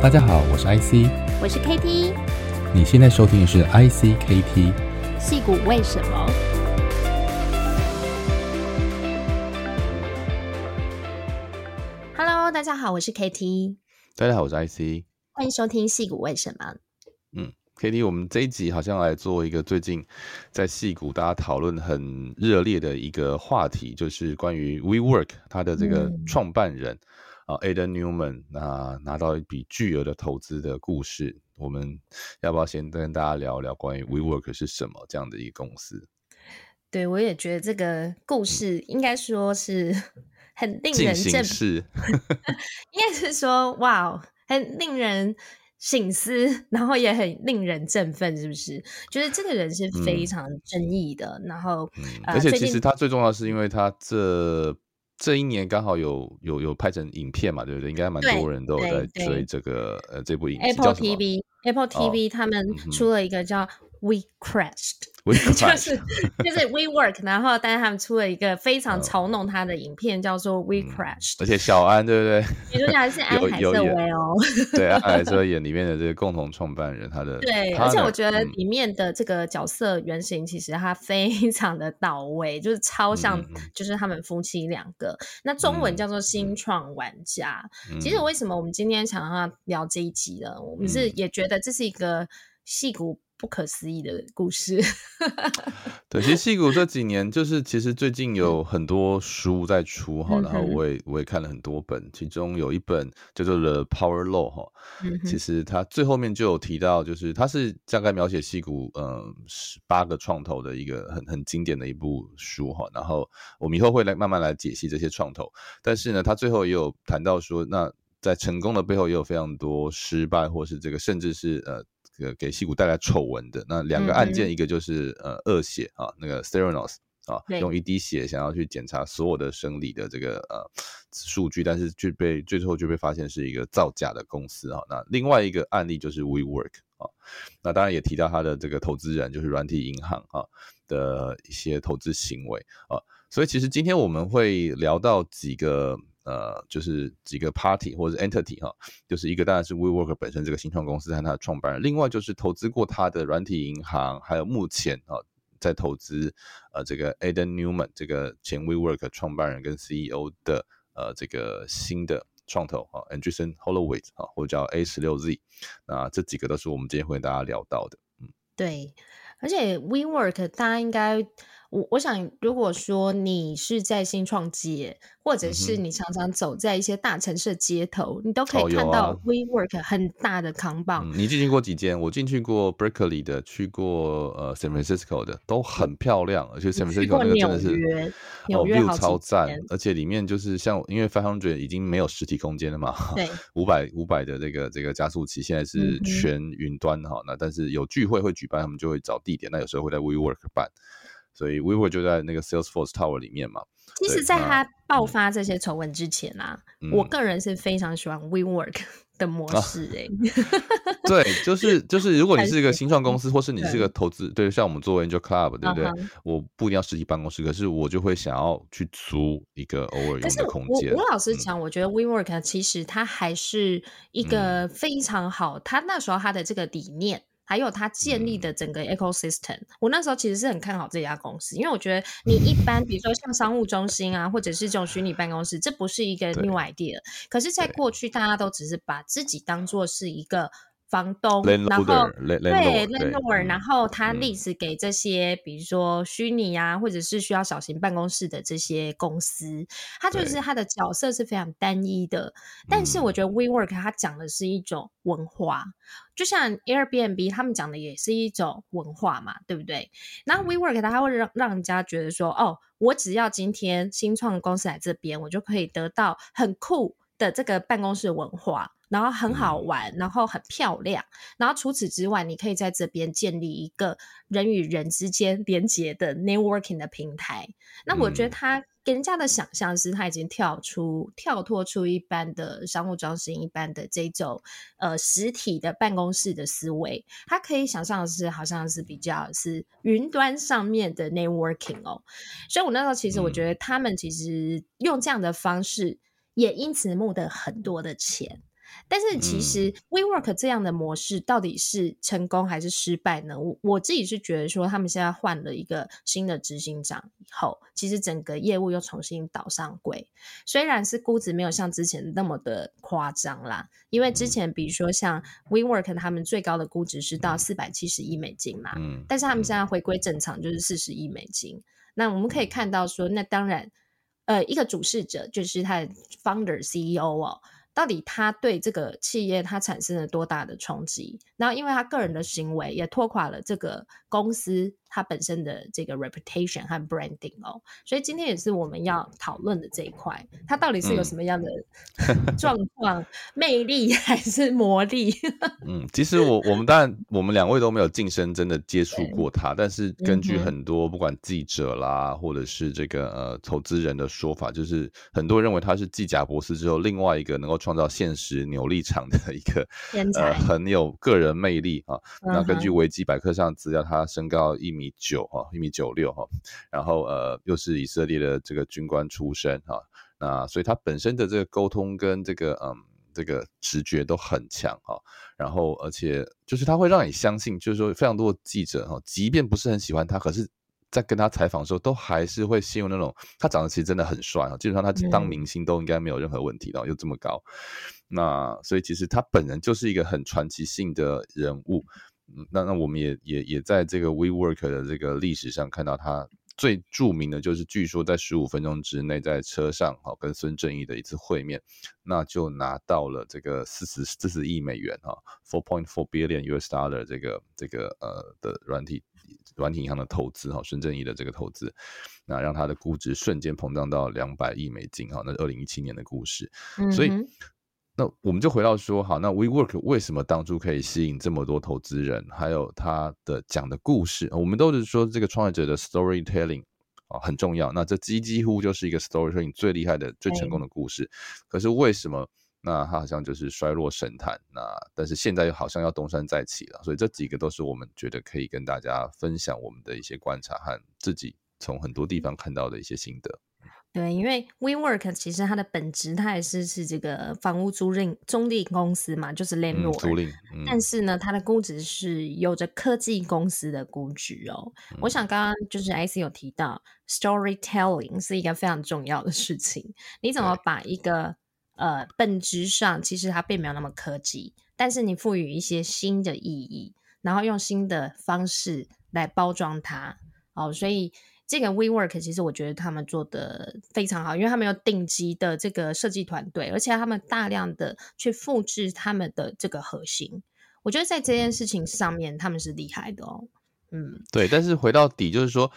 大家好，我是 IC，我是 KT，你現在收聽的是 ICKT 矽谷為什麼？Hello，大家好，我是 KT，大家好，我是 IC，歡迎收聽矽谷為什麼？嗯，KT，我們這一集好像來做一個最近在矽谷大家討論很熱烈的一個話題，就是關於 WeWork 他的這個創辦人。嗯 Neumann, 啊 Adam Neumann 那拿到一筆鉅額的投資的故事，我們要不要先跟大家聊聊關於 WeWork 是什麼這樣的一個公司？對，我也覺得這個故事應該說是很令人振奮， 應該是說哇，很令人省思，然後也很令人振奮，是不是？就是這個人是非常爭議的，嗯、然後、嗯呃、而且其實他最重要是因為他這。這一年剛好有有有拍成影片嘛，對不對？應該蠻多人都在追這個呃這部影片、哦。Apple TV，Apple TV、嗯、他們出了一個叫《We Crashed》。就是就是 WeWork， 然後但是他們出了一個非常嘲弄他的影片，嗯、叫做 WeCrashed，而且小安對不對？女主角是安海瑟薇哦，對，安 海瑟薇演裡面的這個共同創辦人，他的對他的。而且我覺得裡面的這個角色原型其實他非常的到位，嗯、就是超像，就是他們夫妻兩個、嗯。那中文叫做“新創玩家”嗯。其實為什麼我們今天想要聊這一集呢？嗯、我們是也覺得這是一個戲骨。不可思議的故事，對，其實矽谷這幾年就是，其實最近有很多書在出哈， 然後我也我也看了很多本，其中有一本叫做《The Power Law》哈，其實它最後面就有提到，就是它是大概描寫矽谷嗯十八個創投的一個很很經典的一部書哈，然後我們以後會來慢慢來解析這些創投，但是呢，它最後也有談到說，那在成功的背後也有非常多失敗，或是這個甚至是呃。這個、給給矽谷帶來醜聞的那兩個案件，嗯嗯一個就是呃惡血啊，那個 Theranos 啊，用一滴血想要去檢查所有的生理的這個呃、啊、數據，但是就被最後就被發現是一個造假的公司啊。那另外一個案例就是 WeWork 啊，那當然也提到他的這個投資人就是軟體銀行啊的一些投資行為啊。所以其實今天我們會聊到幾個。呃，就是幾個 party 或者是 entity 哈、哦，就是一個當然是 WeWork 本身這個新創公司和它的創辦人，另外就是投資過它的軟體銀行，還有目前啊、哦、在投資呃這個 Adam Neumann 這個前 WeWork 創辦人跟 CEO 的呃這個新的創投啊、哦、Andreessen Horowitz、哦、或者叫 A 十六 Z，那、呃、這幾個都是我們今天會跟大家聊到的，嗯，對，而且 WeWork 大家應該。我我想，如果說你是在新創街，或者是你常常走在一些大城市的街頭，嗯、你都可以看到、oh, 啊、WeWork 很大的扛棒、嗯。你進去過幾間？我進去過 Berkeley 的，去過呃 San Francisco 的，都很漂亮。而且 San Francisco、嗯那個真的是紐約、哦、超讚，而且裡面就是像因為500已經沒有實體空間了嘛，對，五百五百的這個這個加速器現在是全雲端哈。那、嗯、但是有聚會會舉辦，他們就會找地點，那有時候會在 WeWork 辦。所以，WeWork 就在那個 Salesforce Tower 裡面嘛。其實，在它爆發這些醜聞之前啊、嗯，我個人是非常喜歡 WeWork 的模式哎、欸。啊、 對，就是就是，如果你是一個新創公司，或是你是一個投資，對，對像我們作為 Angel Club，對不對、啊？我不一定要實體辦公室，可是我就會想要去租一個偶爾用的空間。我，我老實講、嗯，我覺得 WeWork 其實它還是一個非常好，嗯、它那時候它的這個理念。還有他建立的整個 ecosystem，、嗯、我那時候其實是很看好這家公司，因為我覺得你一般，比如說像商務中心啊，或者是這種虛擬辦公室，這不是一個 new idea。可是在過去，大家都只是把自己當做是一個房東，然後對 landlord 然後他 lease 給這些，比如說虛擬啊、嗯，或者是需要小型辦公室的這些公司，他就是他的角色是非常單一的。但是我覺得 WeWork，他講的是一種文化。嗯就像 Airbnb 他們講的也是一種文化嘛，對不對？然後 WeWork 它會讓讓人家覺得說，哦，我只要今天新創公司來這邊，我就可以得到很酷的這個辦公室文化，然後很好玩，然後很漂亮，嗯、然後除此之外，你可以在這邊建立一個人與人之間連接的 networking 的平台。那我覺得它。人家的想象是他已經跳出、跳脫出一般的商務中心、一般的這種呃實體的辦公室的思維，他可以想象的是好像是比較是雲端上面的 networking 哦。所以我那時候其實我覺得他們其實用這樣的方式，也因此募得很多的錢。但是其實 WeWork 這樣的模式到底是成功還是失敗呢？我、嗯、我自己是覺得說，他們現在換了一個新的執行長以後，其實整個業務又重新倒上軌。雖然是估值沒有像之前那麼的誇張啦，因為之前比如說像 WeWork 他們最高的估值是到四百七十億美金嘛，嗯，但是他們現在回歸正常就是四十億美金。那我們可以看到說，那當然，呃，一個主事者就是他的 Founder CEO 哦。到底他對這個企業，他產生了多大的衝擊？然後，因為他個人的行為，也拖垮了這個公司它本身的這個 reputation 和 branding 哦，所以今天也是我們要討論的這一塊，它到底是有什麼樣的、嗯、狀況、 魅力還是魔力？ 嗯，其實我我們當然我們兩位都沒有近身真的接觸過他，但是根據很多、嗯、不管記者啦或者是這個呃投資人的說法，就是很多人認為他是繼賈伯斯之後另外一個能夠創造現實扭力場的一個天才、呃、很有個人魅力啊、嗯。那根據維基百科上資料，他他身高一米九哈，一米九六哈，然後呃，又是以色列的這個軍官出身哈，那所以他本身的這個溝通跟這個嗯，這個直覺都很強哈，然後而且就是他會讓你相信，就是說非常多的記者哈，即便不是很喜歡他，可是，在跟他採訪的時候，都還是會陷入那種他長得其實真的很帥啊，基本上他當明星都應該沒有任何問題的，又這麼高，那所以其實他本人就是一個很傳奇性的人物。那那我們也也也在這個 WeWork 的這個歷史上看到，它最著名的就是，據說在十五分鐘之內，在車上哈，跟孫正義的一次會面，那就拿到了這個四十四十億美元哈，four point four billion US dollar 這個這個呃的軟體軟體銀行的投資哈，孫正義的這個投資，那讓他的估值瞬間膨脹到兩百億美金哈，那二零一七年的故事，嗯、所以。那我們就回到說，好，那 WeWork 為什麼當初可以吸引這麼多投資人，還有他的講的故事，我們都是說這個創業者的 storytelling 啊很重要。那這幾幾乎就是一個 storytelling 最厲害的、最成功的故事。可是為什麼那他好像就是衰落神壇？那但是現在又好像要東山再起了。所以這幾個都是我們覺得可以跟大家分享我們的一些觀察和自己從很多地方看到的一些心得。對，因為 WeWork 其實它的本質，它也是是這個房屋租賃租賃公司嘛，就是 landlord 租賃。但是呢，它的估值是有着科技公司的估值哦。嗯、我想剛剛就是 I C 有提到 storytelling 是一個非常重要的事情。你怎麼把一個、嗯、呃，本質上其實它並沒有那麼科技，但是你賦予一些新的意義，然後用新的方式來包裝它。哦，所以。這個 WeWork 其實我覺得他們做的非常好，因為他們有頂級的這個設計團隊，而且他們大量的去複製他們的這個核心，我覺得在這件事情上面他們是厲害的哦。嗯，對，但是回到底就是說，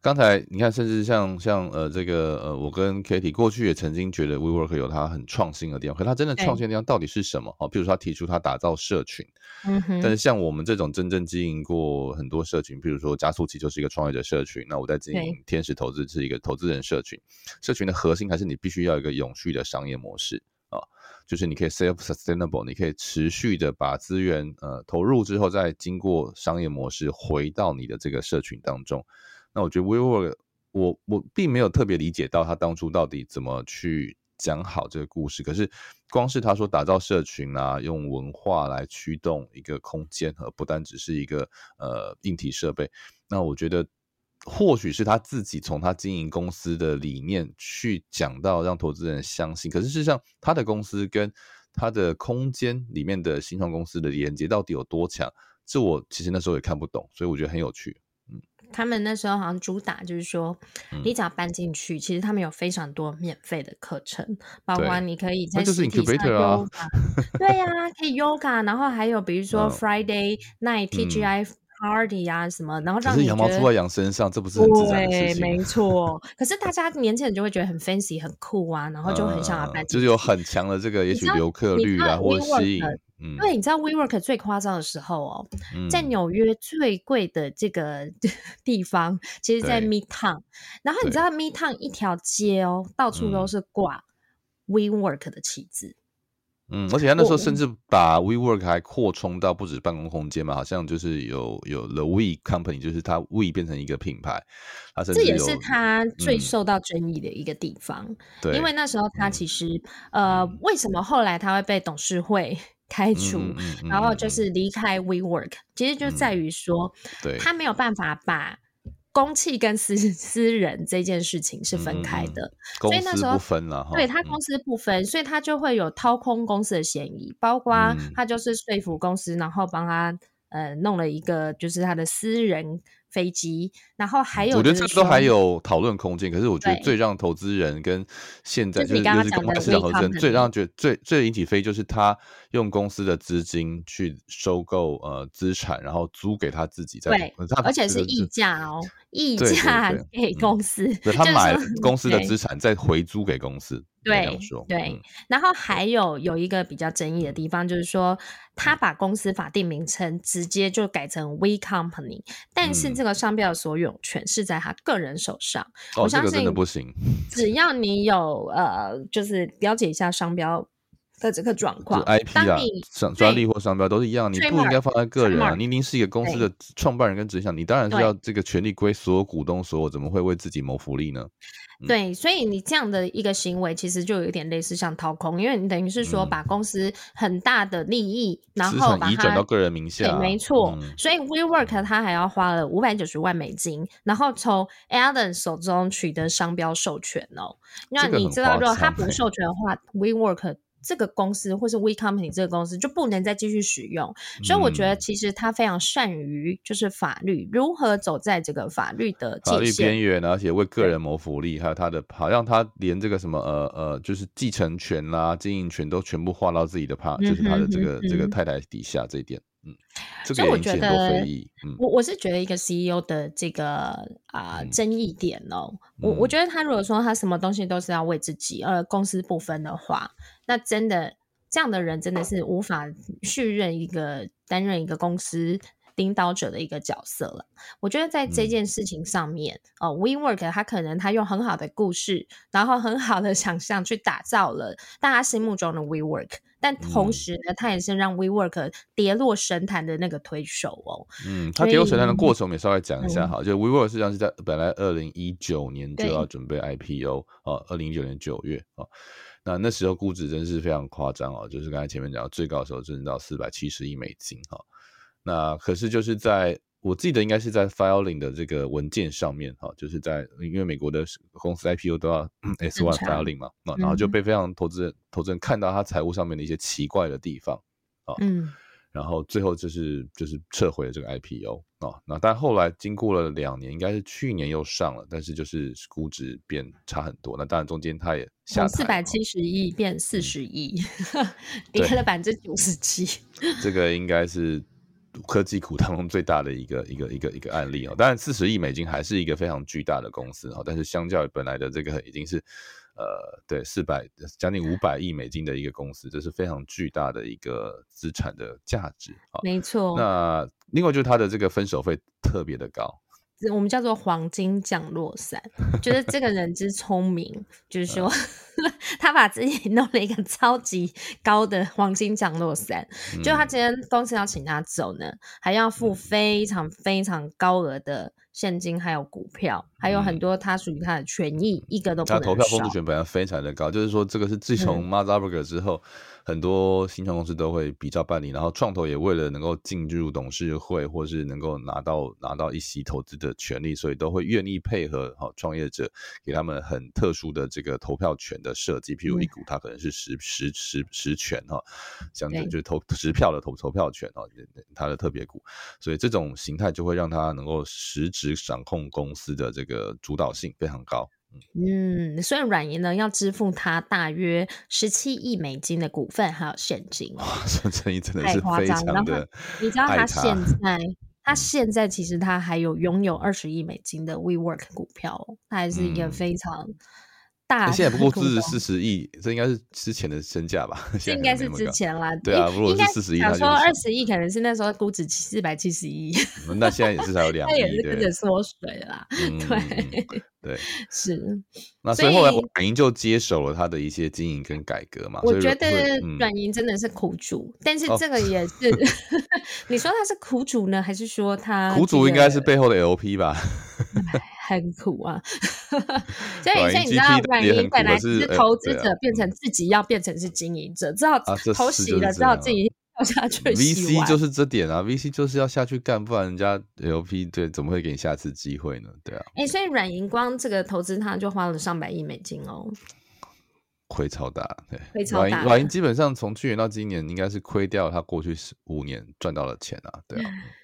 剛才你看，甚至像像呃這個呃，我跟 KT 過去也曾經覺得 WeWork 有它很創新的地方，可它真的創新的地方到底是什麼啊？比如說它提出它打造社群、嗯，但是像我們這種真正經營過很多社群，比如說加速器就是一個創業者社群，那我在經營天使投資是一個投資人社群，社群的核心還是你必須要一個永續的商業模式。啊，就是你可以 self sustainable，你可以持續的把資源呃投入之後，再經過商業模式回到你的這個社群當中。那我覺得 WeWork 我我並沒有特別理解到他當初到底怎麼去講好這個故事。可是光是他說打造社群啊，用文化來驅動一個空間，而不單只是一個呃硬體設備。那我覺得。或許是他自己從他經營公司的理念去講到讓投資人相信，可是事實上他的公司跟他的空間裡面的新創公司的連接到底有多強，這我其實那時候也看不懂，所以我覺得很有趣。嗯，他們那時候好像主打就是說，嗯、你只要搬進去，其實他們有非常多免費的課程，包括你可以在 yoga, 就是 incubator 啊， 對呀、啊，可以優卡，然後還有比如說 Friday Night、嗯、TGIF。Party 啊，什麼，然後讓是羊毛出在羊身上，這不是很自對，沒錯。 可是大家年輕人就會覺得很 fancy 很酷啊，然後就很想要辦、嗯，就有很強的這個，也許留客率啊，或者吸引。嗯，你知道 WeWork 最誇張的時候哦、嗯，在紐約最貴的這個地方，其實在 m e t o w n 然後你知道 m e t o w n 一條街哦，到處都是掛 WeWork 的旗子。嗯，而且他那時候甚至把 WeWork 還擴充到不止辦公空間嘛，好像就是有有 The We Company，就是他 We 變成一個品牌。這也是他最受到爭議的一個地方。嗯、對，因為那時候他其實、嗯，呃，為什麼後來他會被董事會開除，嗯嗯嗯、然後就是離開 WeWork，、嗯、其實就在於說、嗯，對，他沒有辦法把公器跟私私人這件事情是分開的，嗯啊，所以那時候，嗯、對他公司不分、嗯，所以他就會有掏空公司的嫌疑，包括他就是說服公司，嗯、然後幫他。呃，弄了一個就是他的私人飛機，然後還有是說我覺得這都還有討論空間。可是我覺得最讓投資人跟現在就是、就是、你剛剛講的是公開市場投資人最讓覺得最最，最引起非議，就是他用公司的資金去收購呃資產，然後租給他自己。在對、呃，而且是溢價哦，溢價給公司對對對對、嗯就是嗯對，他買公司的資產再回租給公司。對對，然後還有、嗯、有一個比較爭議的地方，就是說他把公司法定名稱直接就改成 We Company，但是這個商標的所有權是在他個人手上。嗯、我相信哦，這個真的不行。只要你有呃，就是了解一下商標。的這個狀況就，IP 啊，專利或商標都是一樣，你不應該放在個人啊。寧寧是一個公司的創辦人跟執行長，你當然是要這個權利歸所有股東所有，怎麼會為自己謀福利呢？對、嗯，所以你這樣的一個行為，其實就有點類似像掏空，因為你等於是說把公司很大的利益，嗯、然後移轉到個人名下、啊。對，沒錯、嗯。所以 WeWork 他還要花了五百九十萬美金，然後從 Alan 手中取得商標授權哦。那你知道，如果他不授權的話，WeWork 這個公司或是 We Company 這個公司就不能再繼續使用，所以我覺得其實他非常善於就是法律，如何走在這個法律的界限、法律邊緣，而且為個人謀福利，還有他的好像他連這個什麼呃呃，就是繼承權啦、啊、經營權都全部劃到自己的 part、嗯，就是他的這個這個太太底下這一點。嗯，所、這、以、個、我覺得，嗯、我我是覺得一個 CEO 的這個啊、呃嗯、爭議點哦，我我覺得他如果說他什麼東西都是要為自己而、呃、公私不分的話，那真的這樣的人真的是無法續任一個、啊、擔任一個公司領導、嗯、者的一個角色了。我覺得在這件事情上面，嗯、哦，WeWork 他可能他用很好的故事，然後很好的想象去打造了大家心目中的 WeWork。但同時呢、嗯，它也是讓 WeWork 跌落神壇的那個推手哦。嗯，它跌落神壇的過程我們也稍微講一下哈、嗯。就 WeWork 實際上是在本來二零一九年就要準備 IPO 啊，二零一九年九月啊、哦，那那時候估值真是非常誇張哦，就是剛才前面講到最高的時候甚至到四百七十億美金哈、哦。那可是就是在我記得應該是在 filing 的這個文件上面、啊，哈，就是在因為美國的公司 IPO 都要、嗯、S one filing 嘛，啊，然後就被非常投資人、嗯、投資人看到他財務上面的一些奇怪的地方，啊，嗯，然後最後就是就是撤回了這個 IPO，啊，那但後來經過了兩年，應該是去年又上了，但是就是估值變差很多，那當然中間他也下了從四百七十億變四十億，跌、嗯、 了百分之九十七，這個應該是。科技股當中最大的一個一個一個一個案例哦，當然四十億美金還是一個非常巨大的公司哦，但是相較於本來的這個已經是呃對四百將近五百億美金的一個公司，這是非常巨大的一個資產的價值啊，沒錯。那另外就是它的這個分手費特別的高。我們叫做黃金降落傘，就是這個人之聰明， 就是說 他把自己弄了一個超級高的黃金降落傘，就他今天公司要請他走呢，還要付非常非常高額的。現金還有股票，還有很多他屬於他的權益、嗯，一個都不能少。他、嗯啊、投票風富權本來非常的高，嗯、就是說這個是自從 Mark Zuckerberg 之後、嗯，很多新創公司都會比較辦理，然後創投也為了能夠進入董事會，或是能夠拿到拿到一席投資的權利，所以都會願意配合哈創、哦、業者給他們很特殊的這個投票權的設計，譬如一股他、嗯、可能是十十十十權哈，相、哦、對就投、欸、十票的投投票權哦，他的特別股，所以這種形態就會讓他能夠實質。掌控公司的這個主導性非常高。嗯，雖然軟銀呢要支付他大約十七億美金的股份還有現金，哇，十七億真的是非常的。 然後你知道他現在，他現在其實他還有擁有二十億美金的 WeWork 股票，他還是一個非常。嗯你現在不過估值四十億，這應該是之前的身價吧？這應該是之前啦。對啊，應如果是四十億，那時候二十億可能是那時候估值四百七十億，那現在也是才有兩億，對，縮水了，對、嗯、對，是。那所以後來軟銀就接手了他的一些經營跟改革嘛。所以所以我覺得軟銀真的是苦主、嗯，但是這個也是，哦、 你說他是苦主呢，還是說他、這個、苦主應該是背後的 LP 吧？ 很苦啊！ 所以所以你知道軟銀本來是投資者，變成自己要變成是經營者、欸啊，知道？啊，這投資就、嗯、知道自己跳下去。VC 就是這點啊，VC 就是要下去幹，不然人家 LP 對怎麼會給你下次機會呢？對啊。哎、欸，所以軟銀光這個投資，他就花了上百億美金哦，虧超大，對，虧超大。軟銀基本上從去年到今年，應該是虧掉他過去五年賺到的錢啊，對啊。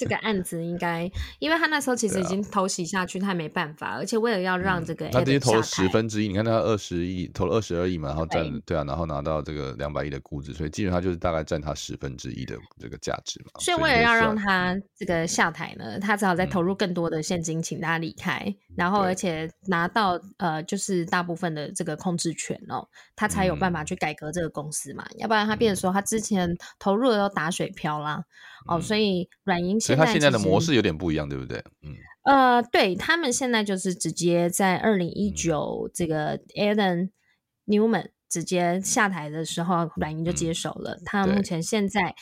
這個案子應該，因為他那時候其實已經投洗下去，他沒辦法，而且為了要讓這個他直接投了十分之一，你看他二十億投了二十二億嘛，然後占對啊，然後拿到這個兩百億的估值，所以基本上就是大概占他十分之一的這個價值嘛。所以為了要讓他這個下台呢，他只好再投入更多的現金，請他離開，然後而且拿到呃，就是大部分的這個控制權哦，他才有辦法去改革這個公司嘛，要不然他變成說他之前投入的都打水漂啦、啊。哦，所以軟銀其實、嗯、他現在的模式有點不一樣，對不對？嗯，呃，對他們現在就是直接在二零一九這個 Adam Neumann 直接下台的時候，嗯、軟銀就接手了。他目前現在，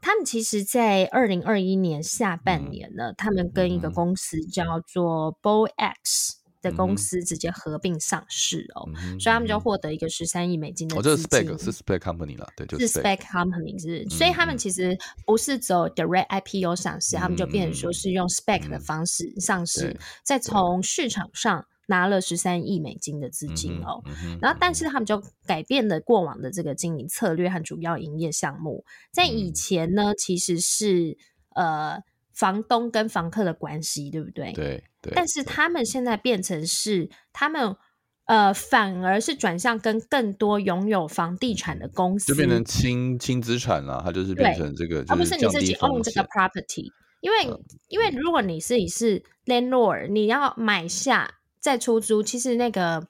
他們其實，在二零二一年下半年呢、嗯，他們跟一個公司叫做 BowX。的公司直接合併上市哦，嗯，所以他們就獲得一個十三億美金的資金。我，哦，就是 spec 是 spec company 啦，對，就是 spec company 是，是，嗯。所以他們其實不是走 direct IPO 上市，嗯，他們就變成說是用 spec 的方式上市，嗯，再從市場上拿了十三億美金的資金哦。嗯嗯，然後，但是他們就改變了過往的這個經營策略和主要營業項目。在以前呢，其實是呃。房東跟房客的關係，對不對？對，對。但是他們現在變成是他們，呃，反而是轉向跟更多擁有房地產的公司，就變成輕輕資產了、啊，它就是變成這個，他們、就是、是你自己 own 這個 property。因為、嗯、因為如果你自己是 landlord，你要買下再出租，其實那個。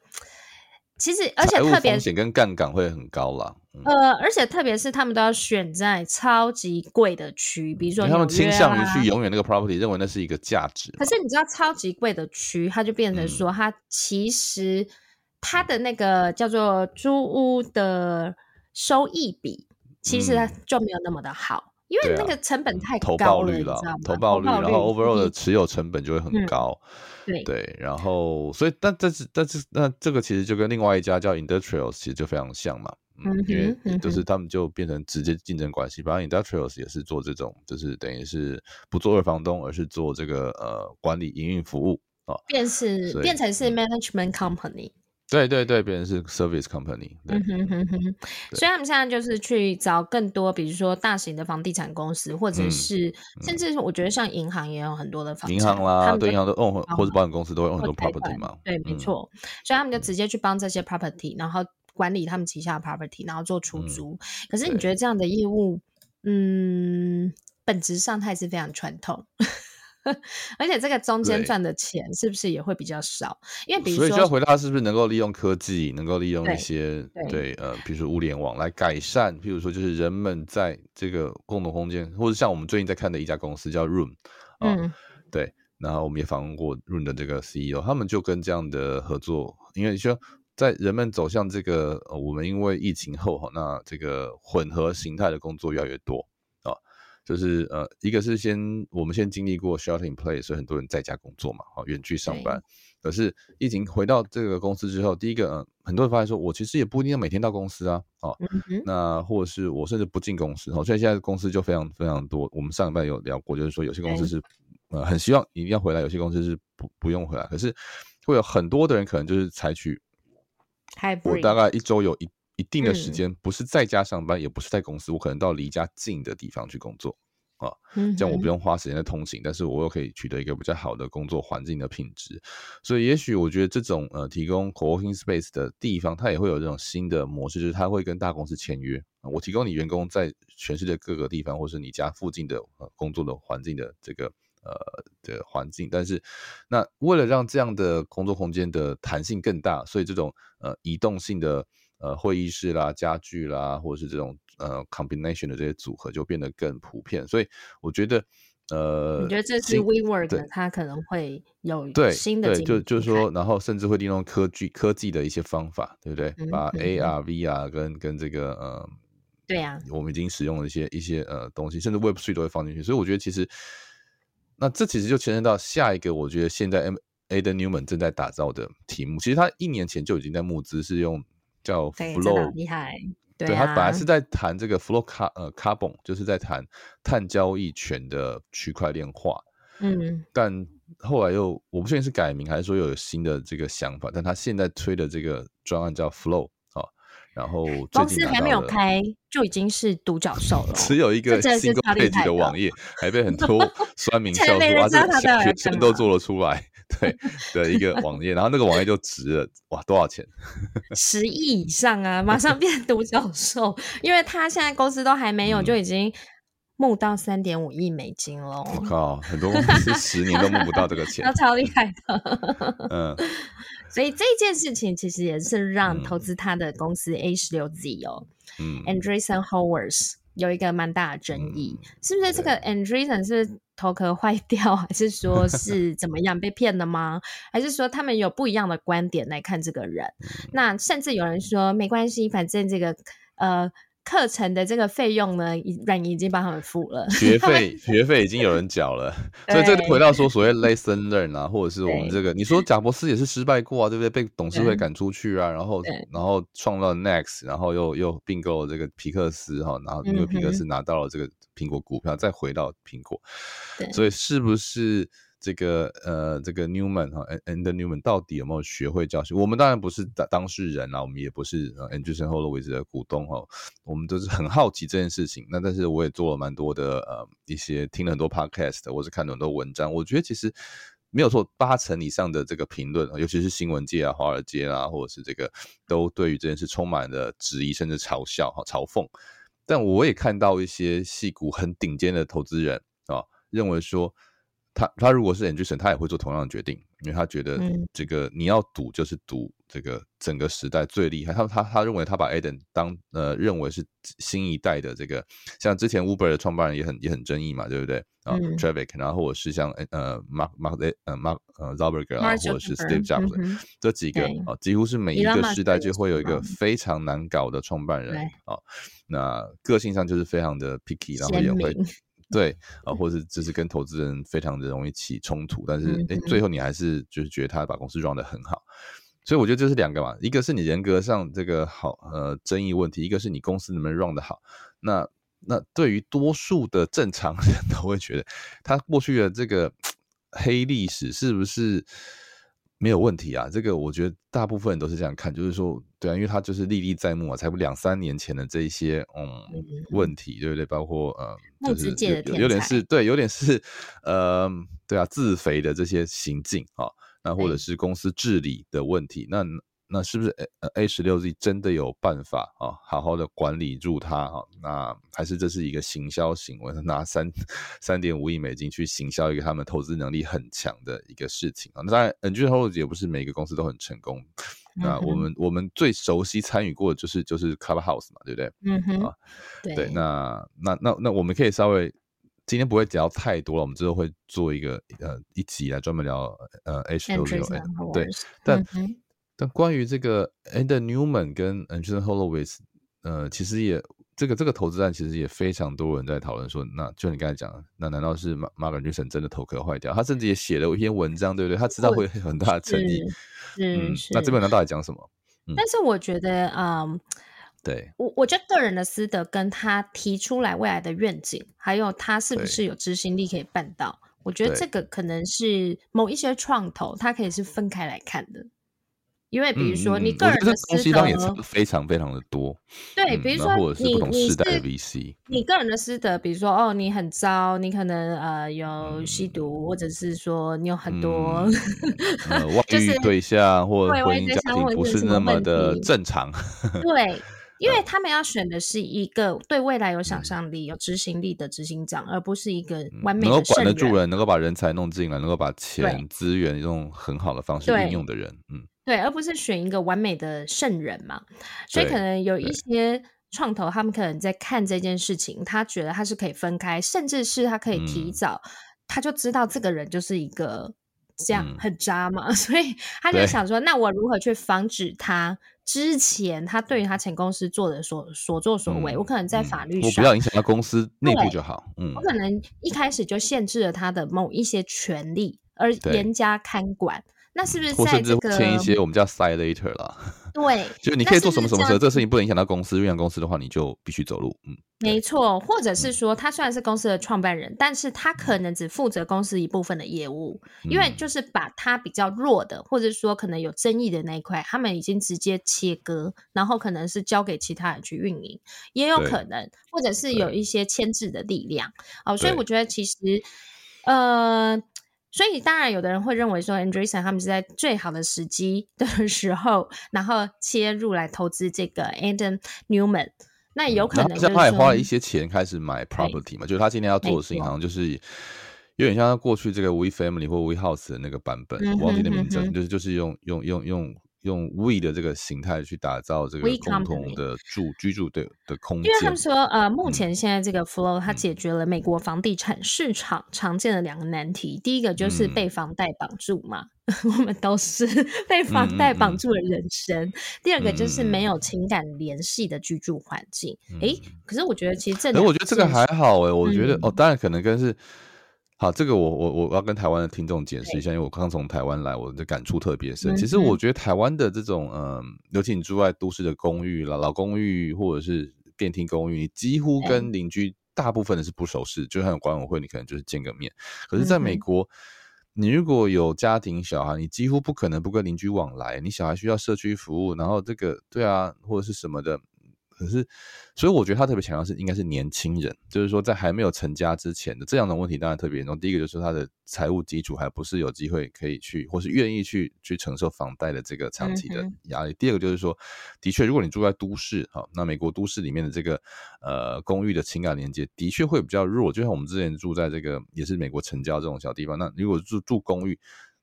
其實，而且特別風險跟槓桿會很高了，嗯。呃，而且特別是他們都要選在超級貴的區，比如說、啊、他們傾向於去擁有那個 property，認為那是一個價值。可是你知道，超級貴的區，它就變成說，它其實它的那個叫做租屋的收益比，嗯、其實它就沒有那麼的好。因為那個成本太高了，投報率了，你知道嗎？投報率，然後 overall 的持有成本就會很高。嗯、對，對，然後所以但但是但是那這個其實就跟另外一家叫 industrials，其實就非常像嘛。嗯，嗯哼，因為就是他們就變成直接競爭關係、嗯。反正 industrials 也是做這種，就是等於是不做二房東，而是做這個呃管理營運服務哦、啊，變成變成是 management company。對對對，別人是 service company，對，嗯哼哼哼，對，所以他們現在就是去找更多，比如說大型的房地產公司，嗯、或者是、嗯、甚至是我覺得像銀行也有很多的房地產啦，對銀行都用，或是保險公司都會用很多 property 嘛，對、嗯，沒錯，所以他們就直接去幫這些 property，然後管理他們旗下的 property，然後做出租、嗯。可是你覺得這樣的業務，嗯，本質上它還是非常傳統。 而且這個中間賺的錢是不是也會比較少？因為比如說，所以就要回答是不是能夠利用科技，能夠利用一些對，對呃，比如說物聯網來改善，比如說就是人們在這個共同空間，或者像我們最近在看的一家公司叫 Room、啊、嗯，對，然後我們也訪問過 Room 的這個 CEO，他們就跟這樣的合作，因為說在人們走向這個、呃、我們因為疫情後，那這個混合形態的工作越來越多。就是呃，一個是先，我們先經歷過 shelter in place，所以很多人在家工作嘛，哦、遠距上班。可是疫情回到這個公司之後，第一個、呃、很多人發現說，我其實也不一定要每天到公司啊，哦，嗯、那或者是我甚至不進公司哦，所以現在公司就非常非常多。我們上禮拜有聊過，就是說有些公司是呃很希望一定要回來，有些公司是不不用回來，可是會有很多的人可能就是採取，我大概一周有一。一定的時間不是在家上班、嗯，也不是在公司，我可能到離家近的地方去工作啊、嗯嗯，這樣我不用花時間的通勤、嗯，但是我又可以取得一個比較好的工作環境的品質。所以，也許我覺得這種呃，提供 co-working space 的地方，它也會有這種新的模式，就是它會跟大公司簽約、呃，我提供你員工在全世界各個地方，或是你家附近的、呃、工作的環境的這個呃的環境。但是，那為了讓這樣的工作空間的彈性更大，所以這種呃移動性的。呃，會議室啦，家具啦，或者是這種呃 combination 的這些組合就變得更普遍，所以我覺得，呃，你覺得這次 WeWork 它可能會有對新的對，對，就就是說，然後甚至會利用科技科技的一些方法，對不對？嗯、把 AR、嗯、VR 跟跟這個呃，對啊，我們已經使用的一些一些呃東西，甚至 Web3 都會放進去，所以我覺得其實，那這其實就牽涉到下一個，我覺得現在 M Adam Neumann 正在打造的題目，其實他一年前就已經在募資，是用。叫 Flow，對厲害，對、啊、對，他本來是在談這個 Flow 卡 car, 呃 Carbon，就是在談碳交易權的區塊鏈化，嗯，但後來又我不確定是改名還是說又有新的這個想法，但他現在推的這個專案叫 Flow 啊、哦，然後公司還沒有開就已經是獨角獸了，哦、只有一個新個配體的網頁的的，還被很多酸民叫做挖起來，全都做了出來。 對的一個網頁，然後那個網頁就值了，哇，多少錢？十 億以上啊！馬上變獨角獸，因為他現在公司都還沒有，嗯、就已經募到三點五億美金了。我、哦、靠，很多公司十年都募不到這個錢， 超厲害的。 嗯，所以這件事情其實也是讓投資他的公司 A 十六 Z 哦 Andreessen Horowitz，嗯有一個蠻大的爭議、嗯，是不是這個 Andreessen 是，是頭殼壞掉，還是說是怎麼樣 被騙了嗎？還是說他們有不一樣的觀點來看這個人？嗯、那甚至有人說沒關係，反正這個呃。課程的這個費用呢，軟銀已經幫他們付了學費， 學費已經有人繳了， 所以這回到說所謂 lesson learn 啊，或者是我們這個，你說賈伯斯也是失敗過啊，對不對？對，被董事會趕出去啊，然後然後創造 next，然後又又併購這個皮克斯哈，然後因為皮克斯拿到了這個蘋果股票，再回到蘋果，所以是不是？這個呃，這個 Newman 哈、啊、Adam Neumann 到底有沒有學會教訓？我們當然不是當事人啦，我們也不是 Andreessen Horowitz 的股東哈、啊。我們都是很好奇這件事情。那但是我也做了蠻多的呃、啊、一些，聽了很多 Podcast，或是看了很多文章。我覺得其實沒有錯，八成以上的這個評論、啊，尤其是新聞界啊、華爾街啦、啊，或者是這個，都對於這件事充滿了質疑，甚至嘲笑和、啊、嘲諷。但我也看到一些矽谷很頂尖的投資人啊，認為說。他他如果是 Anderson 他也會做同樣的決定，因為他覺得這個你要賭就是賭這個整個時代最厲害。嗯、他他他認為他把 Adam 當呃認為是新一代的這個，像之前 Uber 的創辦人也很也很爭議嘛，對不對啊？Travick，、嗯、然後或者是像呃 Mark Mark 呃、uh, Mark 呃 Zuckerberg 啊，或者是 Steve Jobs、嗯、這幾個啊、嗯哦，幾乎是每一個時代就會有一個非常難搞的創辦人啊、哦，那個性上就是非常的 picky，然後也會。對，啊，或者就是跟投資人非常的容易起衝突，嗯，但是哎，最後你還是就是覺得他把公司 run 得很好，所以我覺得這是兩個嘛，一個是你人格上這個好呃爭議問題，一個是你公司能不能 run 得好。那那對於多數的正常人都會覺得，他過去的這個黑歷史是不是？沒有問題啊，這個我覺得大部分人都是這樣看，就是說，對啊，因為他就是歷歷在目啊，才不兩三年前的這些嗯問題，對不對？包括嗯、呃，就是有，有，有點是對，有點是呃，對啊，自肥的這些行徑啊、哦，那或者是公司治理的問題，那。那是不是 A A 16Z 真的有辦法啊？好好的管理住它哈、啊？那還是這是一個行銷行為，拿三三點五億美金去行銷一個他們投資能力很強的一個事情啊？那當然 n g h o l d s 也不是每個公司都很成功。嗯、那我們我們最熟悉參與過的就是就是 Clubhouse 嘛，對不對？嗯哼，啊，對，那那那那，那我們可以稍微今天不會聊太多了，我們之後會做一個呃一集來專門聊呃 A 16Z 對、嗯，但。嗯但關於這個 Adam Neumann 跟 Andreessen Horowitz 呃，其實也這個這個投資案，其實也非常多人在討論說，那就你剛才講的，那難道是馬，馬克安德森真的頭殼壞掉？他甚至也寫了一篇文章，對不對？他知道會有很大的爭議，是是嗯是是，那這篇文章到底講什麼？但是我覺得，嗯，對我，我覺得個人的私德跟他提出來未來的願景，還有他是不是有執行力可以辦到？我覺得這個可能是某一些創投，它可以是分開來看的。因為比如說，你個人的私德，嗯、也非常非常的多。對，比如說你、嗯、或者是不同世代的 VC, 你是 VC，你個人的私德，比如說哦，你很糟，你可能呃有吸毒、嗯，或者是說你有很多，嗯嗯、外遇對、 就是外遇對象或者婚姻家庭不是那麼的正常。對，因為他們要選的是一個對未來有想象力、嗯、有執行力的執行長，而不是一個完美的聖人能夠管得住人、能夠把人才弄進來、能夠把錢資源用很好的方式運用的人。嗯。對，而不是選一個完美的聖人嘛，所以可能有一些創投，他們可能在看這件事情，他覺得他是可以分開，甚至是他可以提早，嗯、他就知道這個人就是一個這樣、嗯、很渣嘛，所以他就想說，那我如何去防止他之前他對於他前公司做的所所作所為、嗯，我可能在法律上我不要影響到公司內部就好，嗯，我可能一開始就限制了他的某一些權利，而嚴加看管。那是不是在這個或甚至簽一些我們叫 side letter 啦？對， 就是你可以做什麼什麼事，這，這個事情不能影響到公司。運營公司的話，你就必須走路。嗯，沒錯。或者是說，他雖然是公司的創辦人，嗯、但是他可能只負責公司一部分的業務，嗯、因為就是把他比較弱的，或者說可能有爭議的那一塊，他們已經直接切割，然後可能是交給其他人去運營，也有可能，或者是有一些牽制的力量。哦，所以我覺得其實，呃。所以，當然，有的人會認為說 Andreessen 他們是在最好的時機的時候，然後切入來投資這個 Adam Neumann，那有可能是、嗯、他像他也花了一些錢開始買 property 嘛，就是他今天要做的事情好像就是有點像他過去這個 We Family 或 We House 的那個版本，嗯、哼哼哼忘記那名字就是就是用用用用。用用用 We 的這個形態去打造這個共同的住居住的的空間 come,，因為他們說，呃，目前現在這個 Flow、嗯、它解決了美國房地產市場常見的兩個難題，嗯、第一個就是被房貸綁住嘛，嗯、 我們都是被房貸綁住了人生、嗯嗯；第二個就是沒有情感聯繫的居住環境。哎、嗯嗯，可是我覺得其實這，我覺得這個還好哎、欸，我覺得、嗯、哦，當然可能跟是。好、啊，這個我我我要跟台灣的聽眾解釋一下，因為我剛從台灣來，我的感觸特別深、嗯。其實我覺得台灣的這種，嗯、呃，尤其你住在都市的公寓啦，老公寓或者是電梯公寓，你幾乎跟鄰居大部分的是不熟識，嗯、就像管委會，你可能就是見個面。可是，在美國、嗯，你如果有家庭小孩，你幾乎不可能不跟鄰居往來。你小孩需要社區服務，然後這個對啊，或者是什麼的。可是，所以我覺得他特別強調是應該是年輕人，就是說在還沒有成家之前的這樣的問題當然特別嚴重。第一個就是他的財務基礎還不是有機會可以去或是願意去去承受房貸的這個長期的壓力。嗯嗯。第二個就是說，的確，如果你住在都市哈，那美國都市裡面的這個呃公寓的情感連接的確會比較弱。就像我們之前住在這個也是美國城郊這種小地方，那如果住住公寓，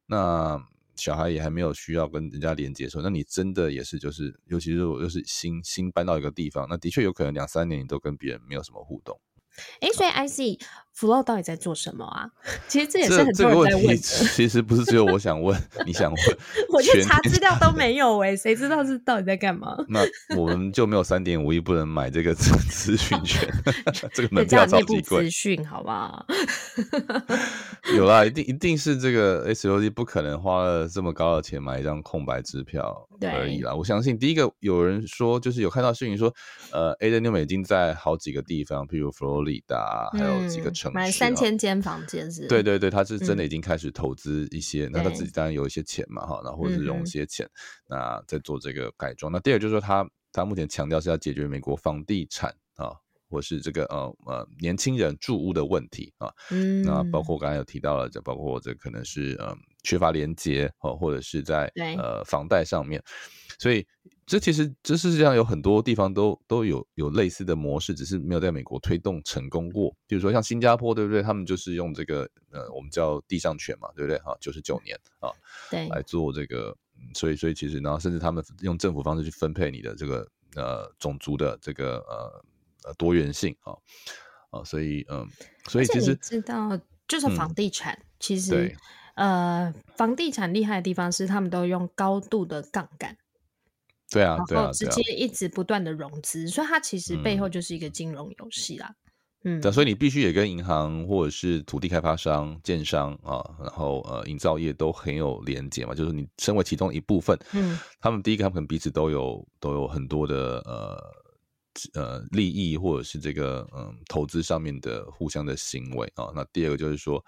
那。小孩也還沒有需要跟人家連接的時候，那你真的也是，就是，尤其是我又是新新搬到一個地方，那的確有可能兩三年你都跟別人沒有什麼互動。哎、欸，所以 I see。Flow 到底在做什麼啊？其實這也是很多人在問。這個、問題其實不是只有我想問， 你想問？ 我連查資料都沒有哎，誰知道是到底在幹嘛？ 那我們就沒有三點五億不能買這個諮諮詢權？ 這個門票超級貴。內部資訊好吧？ 有啦，一定一定是這個 SOD 不可能花了這麼高的錢買一張空白支票而已啦。我相信第一個有人說，就是有看到事情說，呃，Adam Neumann 已經在好幾個地方，譬如佛羅里達，嗯、還有幾個。買三千間房間是？哦、對對對，他是真的已經開始投資一些、嗯。那他自己當然有一些錢嘛，哈，然後或者是融一些錢、嗯，嗯、那在做這個改裝、嗯。嗯、那第二就是說，他他目前強調是要解決美國房地產。或是這個呃呃年輕人住屋的問題啊，嗯，那包括剛才有提到了，就包括這可能是呃缺乏連接、呃、或者是在呃房貸上面，所以這其實這世界上有很多地方都都有有類似的模式，只是沒有在美國推動成功過。比如說像新加坡對不對？他們就是用這個呃我們叫地上權嘛，對不對？哈、啊，九十九年啊，對，來做這個，所以所以其實然後甚至他們用政府方式去分配你的這個呃種族的這個呃。呃，多元性啊、哦，啊、哦，所以嗯，所以其實知道就是房地產，嗯、其實呃，房地產厲害的地方是他們都用高度的槓桿，對啊，然後直接一直不斷的融資，啊啊、所以它其實背後就是一個金融遊戲啦。嗯，嗯，所以你必須也跟銀行或者是土地開發商、建商啊，然後呃，營造業都很有連接嘛，就是你身為其中一部分，嗯，他們第一個他們可能彼此都有都有很多的呃。呃，利益或者是這個嗯，投資上面的互相的行為啊、哦。那第二個就是說，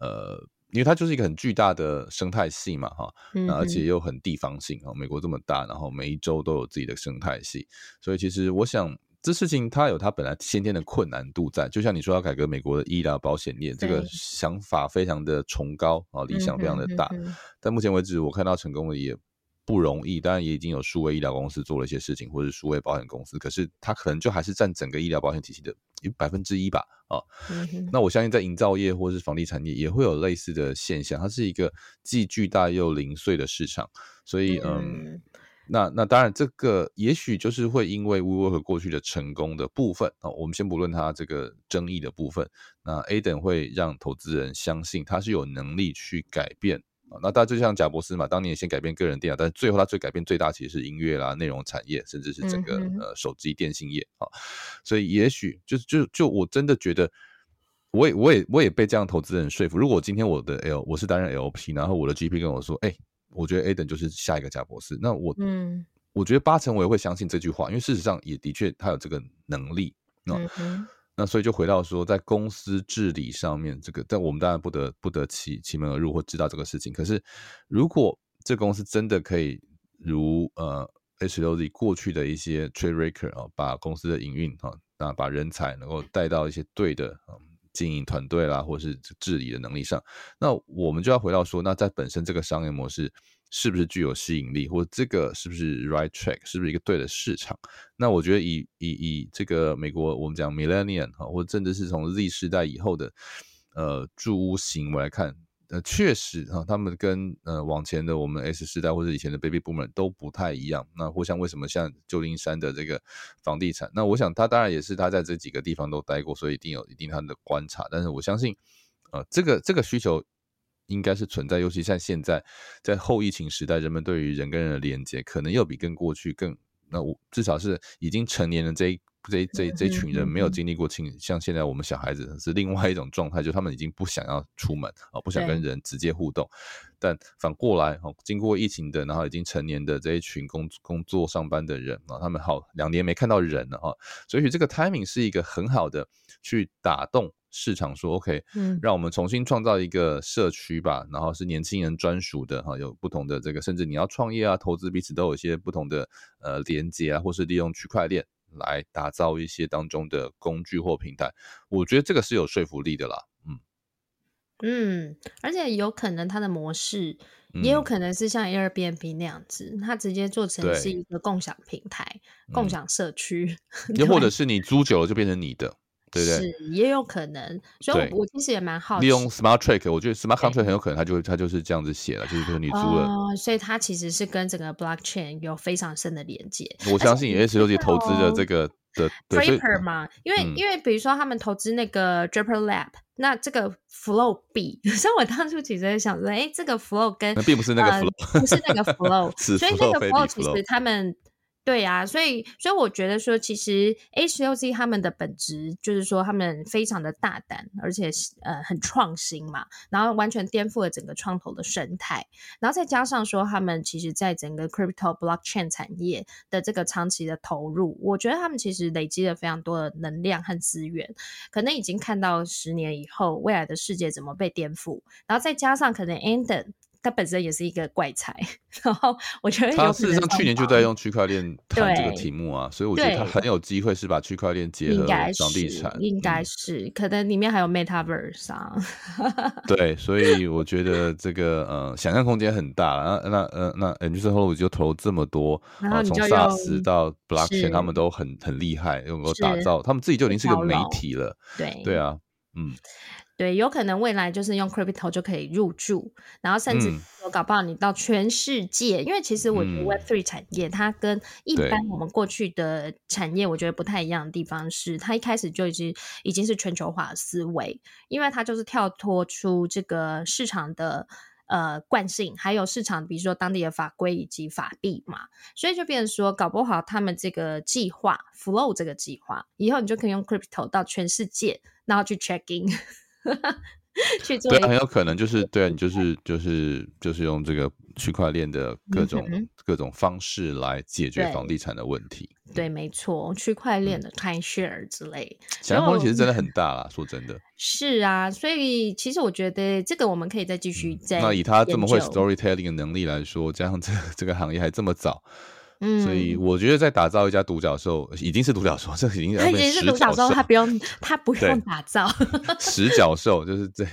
呃，因為它就是一個很巨大的生態系嘛，哈、哦，嗯，而且又很地方性、哦、美國這麼大，然後每一州都有自己的生態系，所以其實我想，這事情它有它本來先天的困難度在。就像你說要改革美國的醫療保險業，這個想法非常的崇高啊、哦，理想非常的大、嗯，但目前為止我看到成功的也。不容易，當然也已經有數位醫療公司做了一些事情，或者是數位保險公司，可是它可能就還是占整個醫療保險體系的百分之一吧，啊、哦，Okay. 那我相信在營造業或是房地產業也會有類似的現象，它是一個既巨大又零碎的市場，所以嗯，Okay. 那那當然這個也許就是會因為 WeWork 過去的成功的部分啊、哦，我們先不論它這個爭議的部分，那 A 等會讓投資人相信他是有能力去改變。那大家就像賈伯斯嘛，當年也先改變個人電腦，但是最後他最改變最大其實是音樂啦、內容產業，甚至是整個呃手機電信業、嗯、啊。所以也許就是就就我真的覺得我，我也我也我也被這樣投資人說服。如果今天我的 L 我是擔任 LP，然後我的 GP 跟我說，哎，我覺得 Aden 就是下一個賈伯斯，那我嗯，我覺得八成我也會相信這句話，因為事實上也的確他有這個能力啊。嗯那所以就回到說，在公司治理上面，這個在我們當然不得不得其其門而入，或知道這個事情。可是，如果這公司真的可以如呃，H O Z 過去的一些 Track Record 啊，把公司的營運那把人才能夠帶到一些對的經營團隊啦，或是治理的能力上，那我們就要回到說，那在本身這個商業模式。是不是具有吸引力，或者這個是不是 right track，是不是一個對的市場？那我覺得以以以這個美國，我們講 millennial 哈，或者甚至是從 Z 世代以後的呃住屋行為來看，呃，確實哈、啊，他們跟呃往前的我們 S 世代或者以前的 Baby Boomer 都不太一樣。那互相為什麼像舊金山的這個房地產？那我想他當然也是他在這幾個地方都待過，所以一定有一定他的觀察。但是我相信啊、呃，這個這個需求。應該是存在，尤其像現在，在後疫情時代，人們對於人跟人的連接，可能又比跟過去更，那我至少是已經成年人這一。這這這群人沒有經歷過、嗯嗯、像現在我們小孩子是另外一種狀態，就他們已經不想要出門啊，不想跟人直接互動。但反過來，哦，經過疫情的，然後已經成年的這一群工工作上班的人啊，他們好兩年沒看到人了哈，所以這個 timing 是一個很好的去打動市場，說 OK，讓我們重新創造一個社區吧，然後是年輕人專屬的哈，有不同的這個，甚至你要創業啊、投資，彼此都有一些不同的呃連接啊，或是利用區塊鏈。來打造一些當中的工具或平台，我覺得這個是有說服力的啦。嗯嗯，而且有可能它的模式也有可能是像 Airbnb 那樣子、嗯，它直接做成是一個共享平台、共享社區、嗯， 又或者是你租久了就變成你的。 對對是，也有可能。所以我，我其實也蠻好奇。利用 Smart Track 我覺得 Smart Contract 很有可能他，它就它就是這樣子寫了，就是說你租了。哦、所以，它其實是跟整個 Blockchain 有非常深的連接。我相信 a16z 投資的這個的 Draper 嘛，因為因為比如說他們投資那個 Draper Lab，、嗯、那這個 Flow B，所以我當初其實在想說，誒、哎，這個 Flow 跟並不是那個 Flow，、呃、不是那個 flow, flow，所以那個 flow, flow 其實他們。對啊，所以所以我覺得說，其實 H O C 他們的本質就是說，他們非常的大膽，而且呃很創新嘛，然後完全顛覆了整個創投的生態，然後再加上說他們其實在整個 crypto blockchain 產業的這個長期的投入，我覺得他們其實累積了非常多的能量和資源，可能已經看到十年以後未來的世界怎麼被顛覆，然後再加上可能 Andreessen。他本身也是一個怪才，然後我覺得他事實上去年就在用區塊鏈談這個題目啊，所以我覺得他很有機會是把區塊鏈結合房地產，應該是、嗯、應該是可能裡面還有 Metaverse 啊。對， 所以我覺得這個呃，想象空間很大、 啊、那呃那呃那 Andreessen Horowitz 就投這麼多，然後、啊、從 SaaS 到 Blockchain 他們都很很厲害，能夠打造，他們自己就已經是個媒體了。對對啊。嗯，對，有可能未來就是用 crypto 就可以入住，然後甚至說搞不好你到全世界，嗯、因為其實我覺得 Web 3、嗯、產業它跟一般我們過去的產業我覺得不太一樣的地方是，它一開始就已經已經是全球化思維，因為它就是跳脫出這個市場的呃慣性，還有市場比如說當地的法規以及法幣嘛，所以就變成說搞不好他們這個計劃 flow 這個計劃以後你就可以用 crypto 到全世界。然後去 checking， 去做對，很有可能就是對啊，你就是就是就是用這個區塊鏈的各種、嗯、各種方式來解決房地產的問題。對，對沒錯，區塊鏈的開 share 之類，潛、嗯、力其實真的很大啦，說真的，是啊，所以其實我覺得這個我們可以再繼續再、嗯。那以他這麼會 storytelling 的能力來說，加上這這個行業還這麼早。 所以我覺得在打造一家獨角獸已、已經是獨角獸，這已經是獨角獸，他不用他不用打造 十角獸，就是對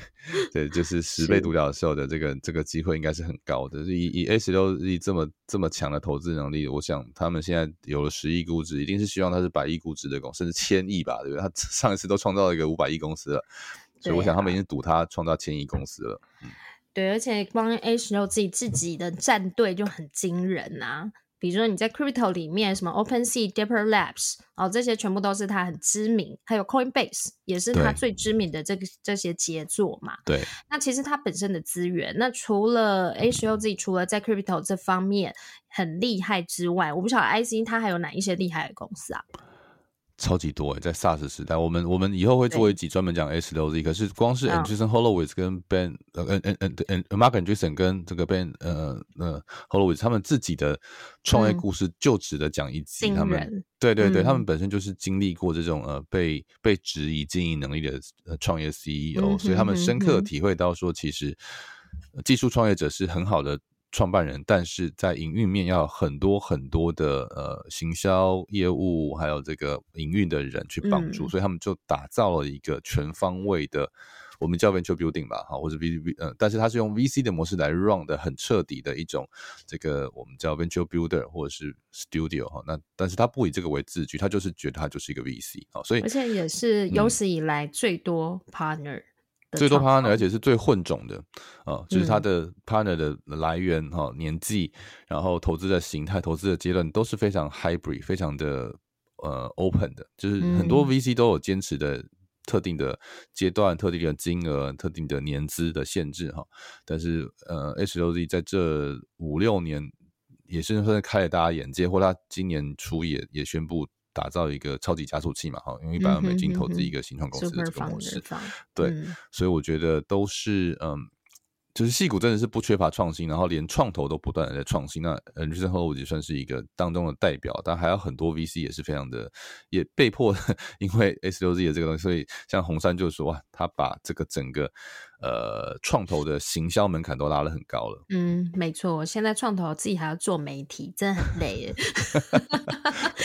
對，就是十倍獨角獸的這個這個機會應該是很高的。就是、以以 H 六這麼這麼強的投資能力，我想他們現在有了十億估值，一定是希望他是百億估值的公司，甚至千億吧，對不對？他上一次都創造了一個五百億公司了，所以我想他們已經賭他創造千億公司了對、啊、嗯。對，而且光 H 六自己自己的戰隊就很驚人啊。比如說你在 Crypto 裡面，什麼 OpenSea、Dapper Labs，哦，這些全部都是它很知名，還有 Coinbase 也是它最知名的這個這些傑作嘛。對，那其實它本身的資源，那除了 A16Z 除了在 Crypto 這方面很厲害之外，我不曉得 IC 它還有哪一些厲害的公司啊？超級多誒、欸，在 SaaS 時代，我們我們以後會做一集專門講 a16z。可是光是 Andreessen Horowitz 跟 Ben、oh. 呃呃呃、嗯、呃、嗯嗯、Mark Andreessen 跟這個 Ben 呃呃 Horowitz 他們自己的創業故事，就值得講一集。嗯、他們，他們對對對，他們本身就是經歷過這種、嗯、呃被被質疑經營能力的呃創業 CEO、嗯、哼哼哼所以他們深刻體會到說，其實技術創業者是很好的。創辦人，但是在營運面要很多很多的呃行銷業務，還有這個營運的人去幫助、嗯，所以他們就打造了一個全方位的，我們叫 venture building 吧，哈、哦，或者 v v、呃、嗯，但是它是用 VC 的模式來 run 的很徹底的一種這個我們叫 venture builder 或者是 studio 哈、哦，那但是他不以這個為自居，他就是覺得他就是一個 VC 哈、哦，所以而且也是有史以來最多 partner、嗯。最多 partner，而且是最混種的，嗯、啊，就是它的 partner 的來源哈、年紀，然後投資的形態、投資的階段都是非常 hybrid、非常的呃 open 的，就是很多 VC 都有堅持的特定的階段、嗯、特定的金額、特定的年資的限制哈，但是呃 a16z 在這五六年也是說開了大家眼界，或者他今年初也也宣布。打造一個超級加速器嘛，哈，因為一百萬美金投資一個新創公司的這個模式，嗯嗯、對、嗯，所以我覺得都是，嗯，就是細股真的是不缺乏創新，然後連創投都不斷的在創新。那嗯，Andreessen Horowitz 也算是一個當中的代表，但還有很多 VC 也是非常的，也被迫因為 A16Z 的這個東西，所以像紅杉就說哇，他把這個整個。呃，創投的行銷門檻都拉得很高了。嗯，沒錯，我現在創投自己還要做媒體，真的很累耶。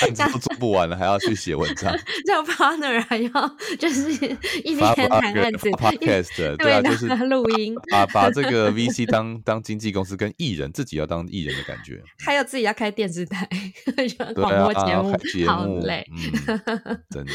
案子 都做不完了， 還要去寫文章。叫 partner 還要就是一天談案子，對，對、啊錄，就是錄音，把把這個 VC 當當經紀公司跟藝人，跟藝人自己要當藝人的感覺，還有自己要開電視台、廣播節目、節、啊啊、目，好累、 嗯，真的。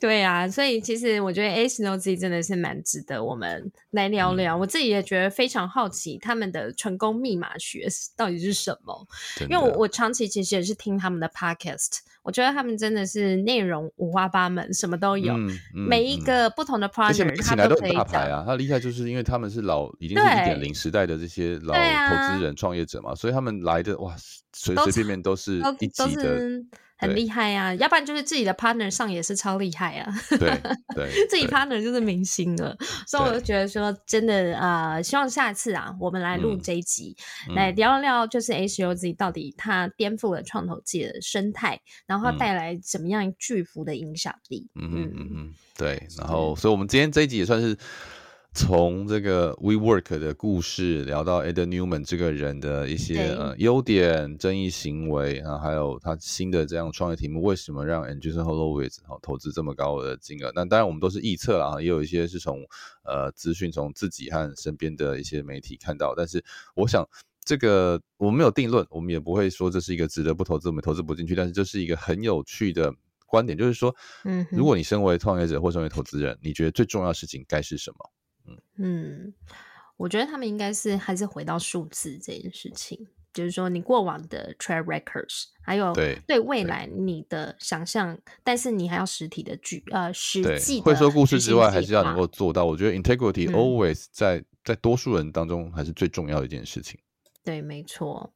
對啊，所以其實我覺得 a16z 真的是蠻值得我們來聊聊、嗯。我自己也覺得非常好奇他們的成功密碼學到底是什麼？因為我我長期其實也是聽他們的 podcast，我覺得他們真的是內容五花八門，什麼都有。嗯嗯，每一個不同的 podcast，起來都很大牌，啊，大牌啊。他厲害就是因為他們是老已經是一點零時代的這些老投資人，啊，創業者嘛，所以他們來的哇，隨隨便便都是一級的。很厲害啊，要不然就是自己的 partner 上也是超厲害啊，對，對 自己 partner 就是明星了，所以我就覺得說，真的啊、呃，希望下次啊，我們來錄這一集，嗯、來聊聊就是 a16z 到底它顛覆了創投界的生態、嗯，然後帶來什麼樣巨幅的影響力。嗯嗯嗯對對，對，然後，所以，我們今天這一集也算是。從這個 WeWork 的故事，聊到 Adam Neumann 這個人的一些、Okay. 呃優點、爭議行為啊，還有他新的這樣創業題目，為什麼讓 Andreessen Horowitz 投資這麼高的金額？那當然我們都是臆測了啊，也有一些是從呃資訊、從自己和身邊的一些媒體看到。但是我想這個我們沒有定論，我們也不會說這是一個值得不投資，我們投資不進去。但是這是一個很有趣的觀點，就是說，嗯，如果你身為創業者或身為投資人，mm -hmm. 你覺得最重要的事情該是什麼？嗯，我覺得他們應該是還是回到數字這件事情，就是說你過往的 track records，還有對對未來你的想象，但是你還要實體的舉呃實際的會說故事之外，還是要能夠做到。啊、我覺得 integrity always 在，嗯、在多數人當中還是最重要的一件事情。對，沒錯，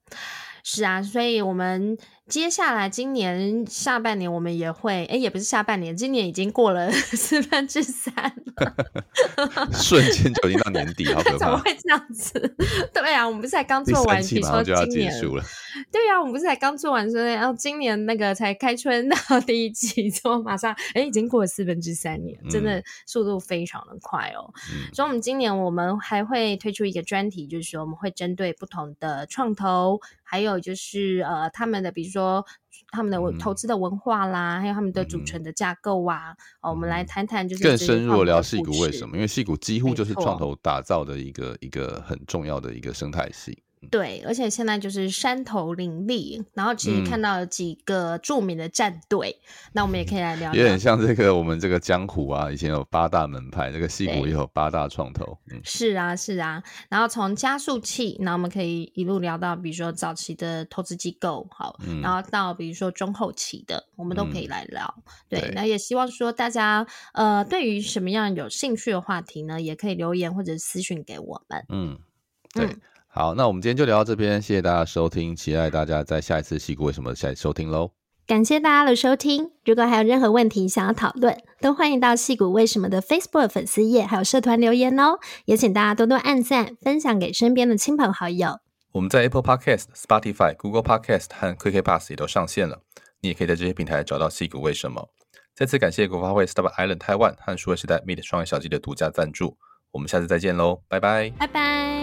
是啊，所以我們。接下來今年下半年我們也會，哎，也不是下半年，今年已經過了 四分之三 瞬間就已經到年底了，好 怎麼會這樣子？ 對啊，我們不是才剛做完，比如說今年了？對啊，我們不是才剛做完，說然後今年那個才開春到第一季，就馬上，哎，已經過了四分之三年，真的速度非常的快哦。嗯、所以，我們今年我們還會推出一個專題，就是說我們會針對不同的創投，還有就是呃，他們的比如。說他們的投資的文化啦、嗯，還有他們的股權的架構啊，嗯、哦，我們來談談就是更深入的聊矽谷為什麼？因為矽谷幾乎就是創投打造的一個一個很重要的一個生態系對，而且現在就是山頭林立，然後其實看到幾個著名的戰隊、嗯，那我們也可以來聊，聊，有點像這個我們這個江湖啊，以前有八大門派，這個矽谷也有八大創投、嗯。是啊，是啊。然後從加速器，那我們可以一路聊到，比如說早期的投資機構，好、嗯，然後到比如說中後期的，我們都可以來聊。嗯、對，對，那也希望說大家呃，對於什麼樣有興趣的話題呢，也可以留言或者私訊給我們。嗯，對嗯。好，那我們今天就聊到這邊，謝謝大家收聽，期待大家在下一次《矽谷為什麼》再收聽嘍。感謝大家的收聽，如果還有任何問題想要討論，都歡迎到《矽谷為什麼》的 Facebook 的粉絲頁還有社團留言哦。也請大家多多按讚，分享給身邊的親朋好友。我們在 Apple Podcast、Spotify、Google Podcast 和 KKBOX 也都上線了，你也可以在這些平台找到《矽谷為什麼》。再次感謝國發會 Startup Island TAIWAN 和數位時代 Meet 創業小聚的獨家贊助，我們下次再見嘍，拜，拜拜。Bye bye